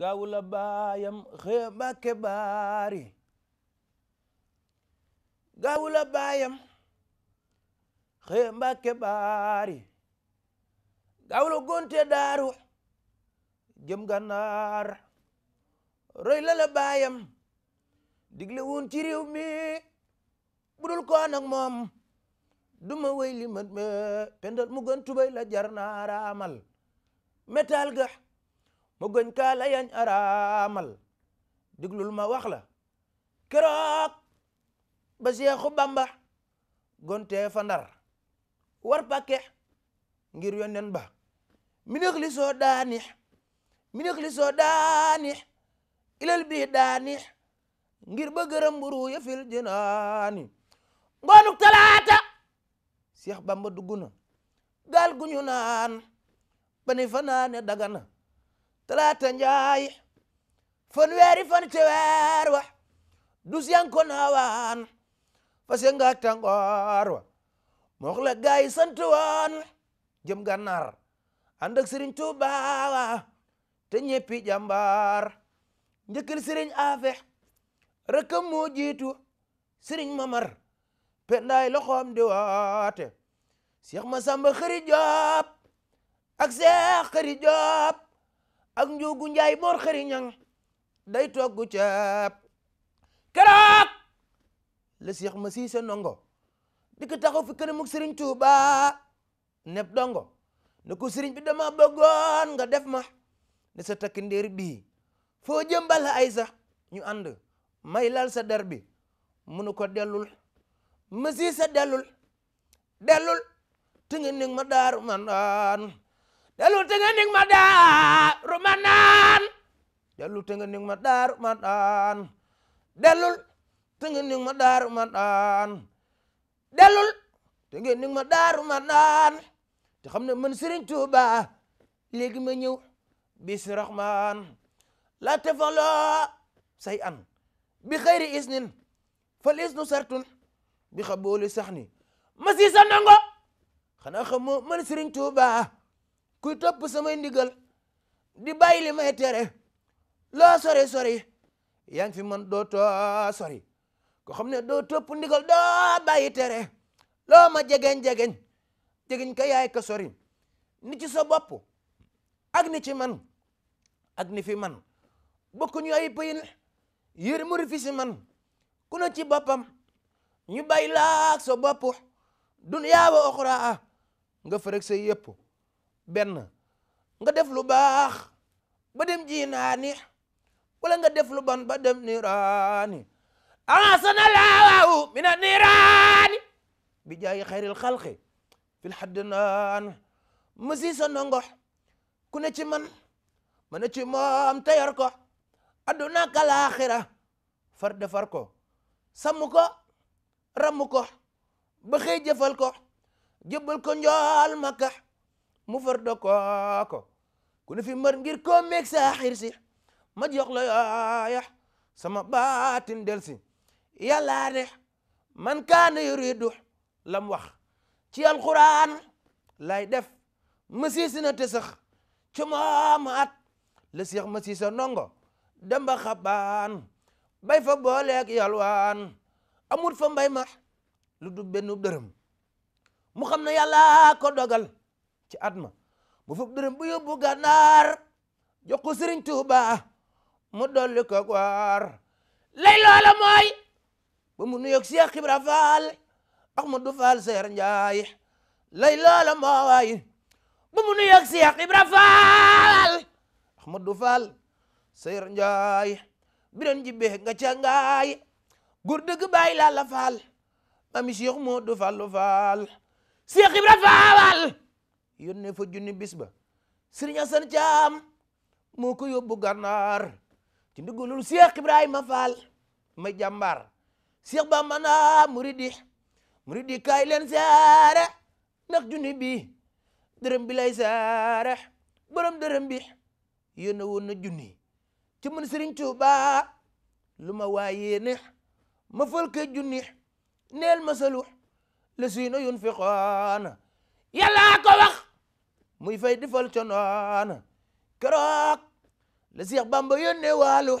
gaawula baayam xëy mbàkke baari gaawula baayam xëy mbàkke baari gaawula gonte daaru jëm gànnaar roy la la baayam digle woon ci réew mi budul ko nag moom duma wéy li mat me pendal mu tubay la jar naaraamal métal ga ma gën kaa la yañ araamal diglul ma wax la keroog ba Seexu Bamba gontee fa Ndar war pakke ngir yonen ba minex li soo daanix minex li soo daanix ilal ngir ba gërëm mburu ya fil jinaani ngoonuk talaata Seex Bamba dugg na gaal gu ñu naan ni fanaane dagana talaata njaay fanweeri fan ci wa dus yan ko naawaan fase nga tàngoor wa moox la gaay sant woon jëm gànnaar ànd ak sëriñ wa te ñeppi jàmbaar njëkkil sëriñ afe rëkkam moo jiitu sëriñ mamar pendaay loxoom di woote Seex Masamba Xari Joob ak Seex Xari Joob ak njuugu njaay boor xëriñang day toggu caab keroog la Seex ma siise ndongo di ko taxaw fi kanamug sëriñ Tuuba neb dongo ne ko sëriñ bi dama bëggoon nga def ma ne sa takk ndeer bii foo jëmbal ay sax ñu ànd may lal sa der bi munu ko dellul ma siise dellul dellul te nga ma daar man aan dalu tënga ning ma daaru ma naan dalu tënga ning ma daar ma naan delul tënga ning ma daaru ma naan delul tënga ning ma daaru ma naan te xam ne man Serigne Touba léegi ma ñëw bisi rahman la tefaloo say an bi xayri isnin fal isnu sartun bi xa booli sax ni masi sa nango xanaa xamoo man Serigne Touba kuy topp samay ndigal di bàyyi li may tere loo sori sori yaa ngi fi man doo too sori ko xam ne doo topp ndigal doo bàyyi tere loo ma jegeñ jegeñ jegeñ ka yaay ka sori ni ci sa bopp ak ni ci man ak ni fi man bokkuñu ay payin yër mu fi si man ku na ci boppam ñu bàyyi laak sa bopp dun yaawa oxraa nga farek say yëpp benn nga def lu baax ba dem jinaani wala nga def lu ban ba dem niiraani aasana laawaw mina niiraani bi jaayi xayril xalqi fil haddinaan masi sa nongo ku ne ci man ma ne ci moom tayar ko adduna ak laaxira far defar ko sàmm ko ramm ko ba xëy jëfal ko jëbbal ko njool makka mu far do kooko ku ne fi mbar ngir ko meeg saaxir si ma jox la sama baatin del si yàllaa ne man kaana yuridu lam wax ci alquran lay def masiisi na te sax ci mooma at la seex masiisa ndongo demba xabaan bay fa booleeg yalwaan amul fa mbay ma lu du benn dërëm mu xam ne yàllaa ko dogal ci at ma mu fub dërëm bu yóbbu gànnaar jox ko Sëriñ Tuuba mu dolli ko waar lay loola mooy ba mu nuyoog Cheikh Ibra Fall Ahmadou Fall Seer Njaay lay loola mooy ba mu nuyoog Cheikh Ibra Fall Ahmadou Fall Seer Njaay biran jibbe nga cangaay góor dëgg bàyyi laa la Fall mami Cheikh Modou Fallu Fall Cheikh Ibra Fall yónnee fa junni bis ba Sëriñ Asan Caam moo ko yóbbu gànnaar ci ndigalul Cheikh Ibrahima Fall ma jàmbaar Cheikh Bamba naa muridi muridi kaay leen saare ndax junni bi dërëm bilay lay saare borom dërëm bi yónne woon junni ci mën Sëriñ Tuubaa lu ma waayee ne ma fëlke junni neel masalu la siino yun fi xoona yàlla ko wax muy fay defal conoona keroog la Seex Bamba yónnee waalu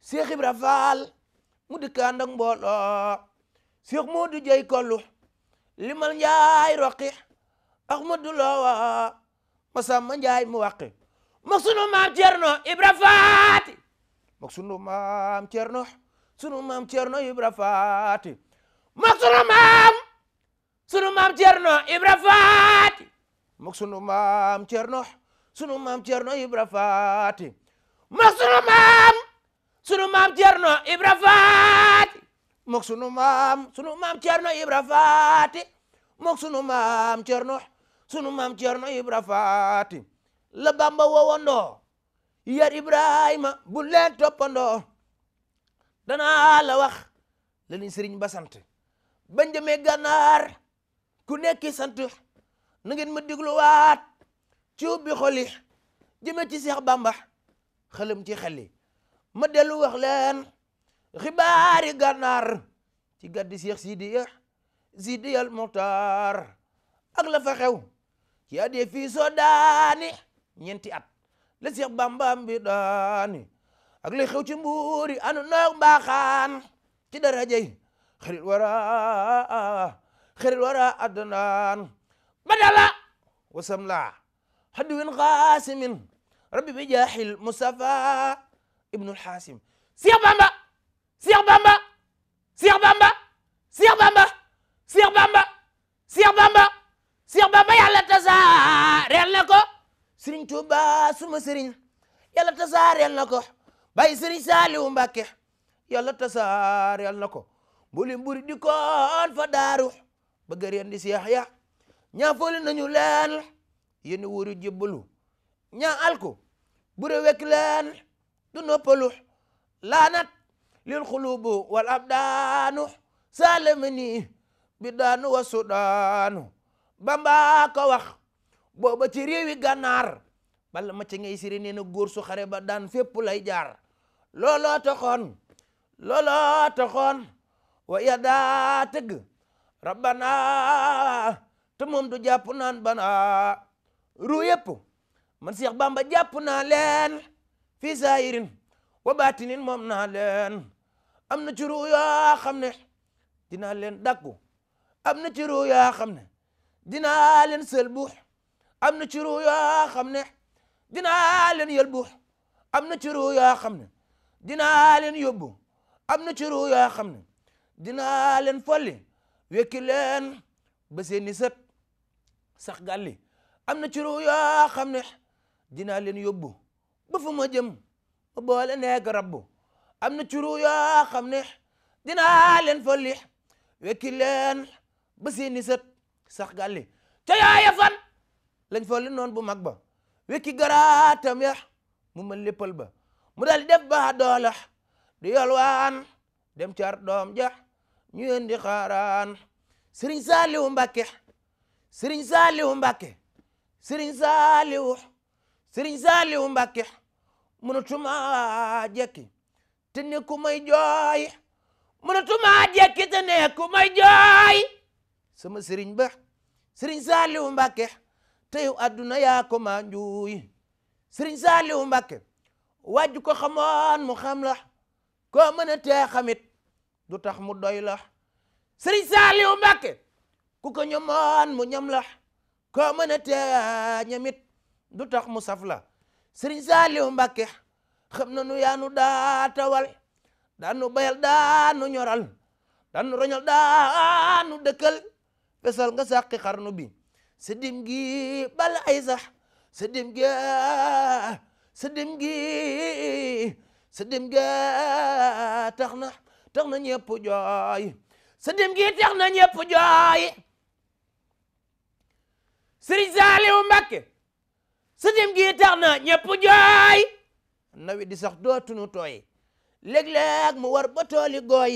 Seex Ibra Faal mu dikkaan ak mbooloo Seex Moodu Jey kollu limal njaay roqi Ahmadu Loowa Masamba Njaay mu waqi mag sunu maam Cerno Ibra Faati mag maam Cerno sunu Faati mag sunu maam Cerno Ibra Faati mok sunu maam Cerno sunu maam Cerno Ibra Faati mok sunu maam sunu maam Cerno Ibra Faati mok sunu maam sunu maam Cerno Ibra Faati mok sunu maam Cerno sunu maam Cerno Ibra Faati la Bamba wowandoo yar Ibrahima bu leen toppandoo danaa la wax la ni sëriñ ba sant bañ demee gànnaar ku nekki sant na ngeen ma dégluwaat ci ubbi xoli jëme ci Seex Bàmba xelam ci xel yi ma dellu wax leen xibaari gànnaar ci gaddi Seex Sidiya Sidiyal Muxtaar ak la fa xew ci adee fii soo daani ñeenti at la Seex Bàmba bi daani ak li xew ci mbuuri anu noog mbaaxaan ci darajey xarit wara xarit wara addanaan بدلا وسملا حدو قاسم ربي بجاح المصطفى ابن الحاسم سيخ بامبا سيخ بامبا سيخ بامبا سيخ بامبا سيخ بامبا سيخ بامبا سيخ بامبا يلا tasaareel na ko Serigne Touba suma Serigne yàlla tasaareel na ko Baye Serigne Saliou Mbacké yàlla tasaareel fa daaru bëgg reen di Seex ñaa foole nañu leen yéen wóoru jébbalu ñaa alku bu rewek leen du noppalu laanat lil xulubu wal abdaanu saalamani bi daanu wa sudaanu bamba ko wax booba ci réewi gànnaar bala ma ci ngay na góor su ba daan fépp lay jaar looloo taxoon looloo taxoon wa yadaa tëgg rabbana te moom du jàpp naan bana ruu yëpp man Seex Bamba jàpp naa leen fii zaahirin wa baatinin moom naa leen am na ci ruu yoo xam ne dinaa leen dàkku am na ci ruu yoo xam ne dinaa leen sëlbu am na ci ruu yoo xam ne dinaa leen yëlbu am na ci ruu xam ne dinaa leen yóbbu am na ci ruu yoo xam ne dinaa leen folli wekki leen ba seeni sët sax gàlli am na ci ru yoo xam ne dinaa leen yóbbu ba fa ma jëm ma boole nekk rabbu am na ci ru yoo xam ne dinaa leen folli wekki leen ba seeni set sax galli ca yaaya fan lañ folli noonu bu mag ba wekki garatam ya mu ma léppal ba mu dal def ba doola di yolwaan dem car doom ja ñu indi xaaraan Sëriñ Saaliwu Mbàkke sëriñ saaliwu mbàkke sëriñ saaliwu sëriñ saaliwu mbàkke mënatuma jekki te nekku may jooy mënatuma jekki te nekku may jooy sama sëriñ ba sëriñ saaliwu mbàkke tey adduna yaa ko ma njuuy sëriñ saaliwu mbàkke wàjju ko xamoon mu xam la koo mën a tee xamit du tax mu doy la sëriñ saaliwu mbàkke ku ko ñomoon mu ñam la koo mën a tee ñamit du tax mu saf la sëriñ Saaliw Mbàkke xam na nu yaanu daa tawal daanu bayal daanu ñoral daanu roñal daanu dëkkal fesal nga sàqi xarnu bi sa dim gi bal ay sax sa dim gi sa dim gi sa dim gi tax na tax na ñëpp sëtim gi tax na ñëpp jooy sëriñ Saaliw Mbàkke sëtim gi tax na ñëpp jooy nawi di sax dootunu tooy léeg-léeg mu war ba tooli gooy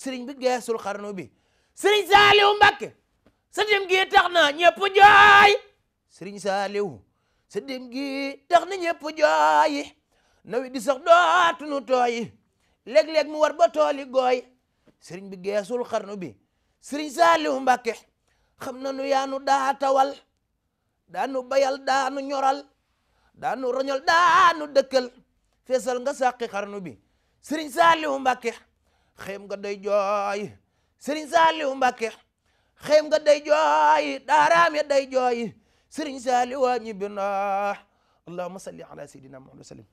sëriñ bi geesul xarnu bi sëriñ Saaliw Mbàkke sëtim gi tax na ñëpp jooy sëriñ Saaliw sëtim gi tax na ñëpp jooy nawi di sax dootunu tooy léeg-léeg mu war ba tooli gooy sëriñ bi geesul xarnu bi sëriñ Saaliwu Mbàkke xam na nu yaanu daa tawal daanu bayal daanu ñoral daanu roñol daanu feesal nga sàqi xarnu bi sëriñ wu Mbàkke xeem nga day jooy sëriñ wu Mbàkke xeem nga day jooy daaraam ya day jooy sali Saaliwu waa ñibbi na allahumma salli ala sayyidina muhammad wa sallim